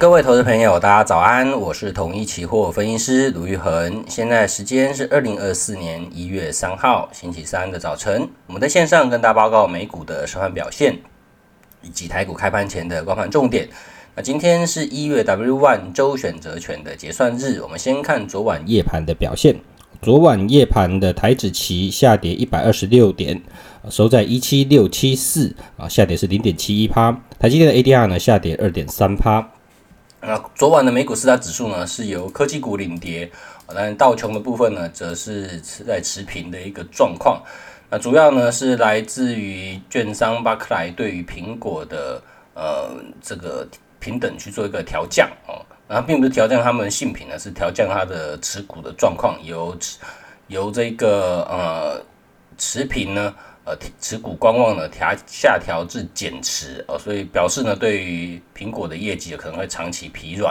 各位投資朋友，大家早安！我是統一期貨分析師盧昱衡，現在時間是二零二四年一月三號星期三的早晨。我們在線上跟大家報告美股的收盤表現，以及台股開盤前的觀盤重點。那今天是一月 W One 週選擇權的結算日，我們先看昨晚夜盤的表現。昨晚夜盤的台指期下跌一百二十六點，收在一七六七四啊，下跌是零點七一趴。台積電的 ADR 呢下跌二點三趴。那昨晚的美股四大指數呢，是由科技股領跌，但道瓊的部分呢，則是持在持平的一個狀況。那主要呢是來自於券商巴克萊對於蘋果的呃這個評等去做一個調降哦，然後，呃並不是調降他們的性品呢，是調降它的持股的狀況，由由這個呃持平呢。呃、持股觀望呢調下，下調至減持啊，呃，所以表示呢，對於蘋果的業績有可能會長期疲軟，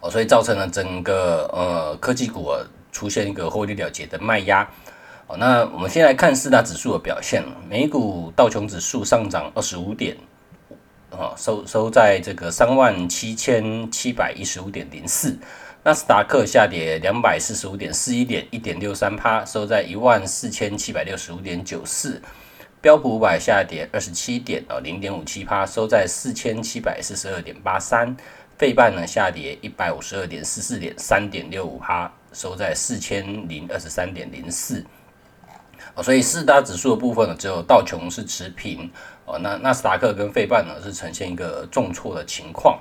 哦，呃，所以造成了整個呃科技股呃、出現一個獲利了結的賣壓。哦，呃，那我們先來看四大指數的表現，美股道瓊指數上漲二十五點，啊，呃，收收在這個三萬七千七百一十五點零四。納斯達克下跌兩百四十五點四一點一點六三趴，收在一萬四千七百六十五點九四。標普五百下跌二十七點啊，零點五七趴，收在四千七百四十二點八三。費半呢下跌一百五十二點四四點三點六五趴，收在四千零二十三點零四。哦，所以四大指數的部分呢，只有道瓊是持平哦，那納斯達克跟費半呢是呈現一個重挫的情況。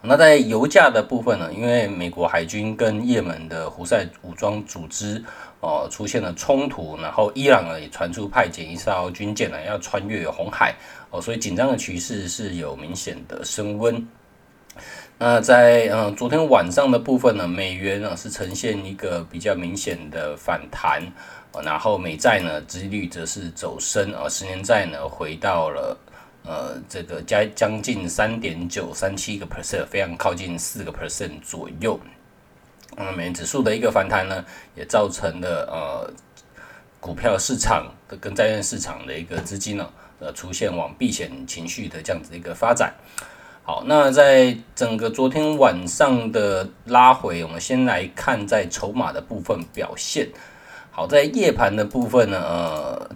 那在油價的部分呢，因為美國海軍跟葉門的胡塞武裝組織哦、呃、出現了衝突，然後伊朗呢也傳出派遣一艘軍艦呢要穿越紅海哦、呃，所以緊張的趨勢是有明顯的升溫。那在嗯、呃、昨天晚上的部分呢，美元呢、呃，是呈現一個比較明顯的反彈、呃，然後美債呢殖率則是走升哦、呃，十年債呢回到了。呃，這個加將近三點九三七個 percent，非常靠近四個 percent 左右。嗯，美元指數的一個反彈呢，也造成了呃股票市場的跟債券市場的一個資金呢、哦，呃，出現往避險情緒的這樣子一個發展。好，那在整個昨天晚上的拉回，我們先來看在籌碼的部分表現。好，在夜盤的部分呢，呃。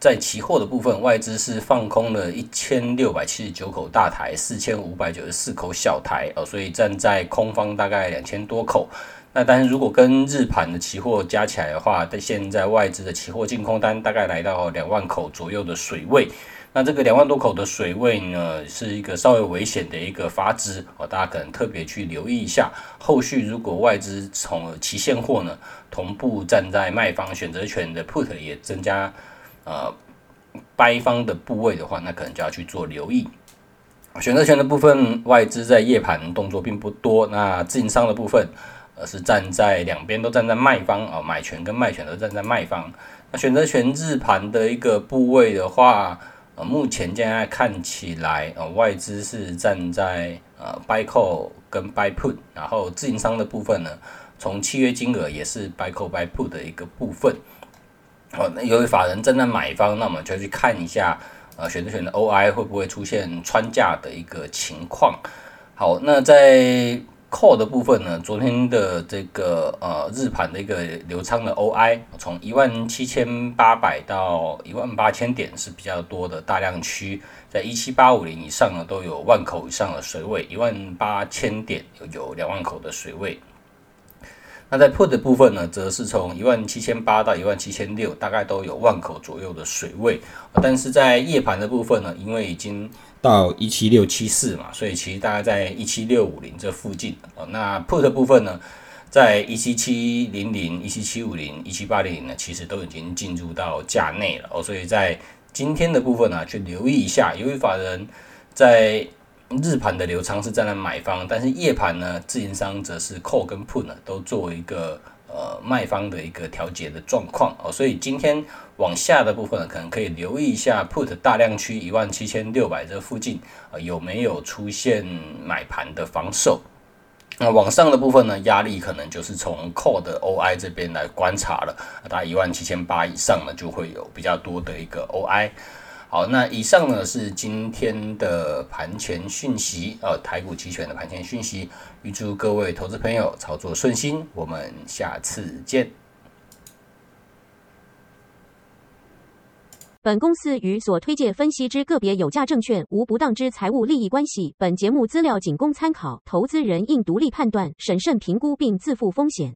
在期貨的部分，外資是放空了一千六百七十九口大台，四千五百九十四口小台，哦，所以站在空方大概兩千多口。那但是如果跟日盤的期貨加起來的話，在現在外資的期貨淨空單大概來到兩萬口左右的水位。那這個兩萬多口的水位呢，是一個稍微危險的一個閥值，哦，大家可能特別去留意一下。後續如果外資從期現貨呢，同步站在賣方選擇權的 put 也增加。呃，buy 方的部位的話，那可能就要去做留意。選擇權的部分，外資在夜盤動作並不多。那自營商的部分，呃，是站在兩邊都站在賣方哦，買權跟賣權都站在賣方。那選擇權日盤的一個部位的話，呃，目前現在看起來，呃，外資是站在呃 buy call 跟 buy put，然後自營商的部分呢，從契約金額也是 buy call buy put 的一個部分。好、哦，那由於法人正在買方，那我們就要去看一下，呃，選擇權的 OI 會不會出現穿價的一個情況。好，那在 CALL 的部分呢，昨天的這個呃日盤的一個留倉的 OI，從一萬七千八百到一萬八千點是比較多的大量區，在一七八五零以上呢都有萬口以上的水位，一萬八千點有兩萬口的水位。那在 put 的部分呢，則是從一萬七千八到一萬七千六，大概都有萬口左右的水位。但是在夜盤的部分呢，因為已經到一七六七四嘛，所以其實大概在一七六五零這附近。哦，那 put 的部分呢，在一七七零零、一七七五零、一七八零零呢，其實都已經進入到價內了。哦，所以在今天的部分呢，去留意一下，由於法人在。日盤的流倉是站在買方，但是夜盤呢，自營商則是 call 跟 put 呢都作為一個呃賣方的一個調節的狀況哦，所以今天往下的部分呢，可能可以留意一下 put 大量區一萬七千六百這附近、呃、有沒有出現買盤的防守。那往上的部分呢，壓力可能就是從 call 的 OI 這邊來觀察了，大概一萬七千八以上呢就會有比較多的一個 OI。好，那以上呢是今天的盤前訊息，呃，台股期權的盤前訊息。預祝各位投資朋友操作順心，我們下次見。本公司與所推介分析之個別有價證券無不當之財務利益關係，本節目資料僅供參考，投資人應獨立判斷、審慎評估並自負風險。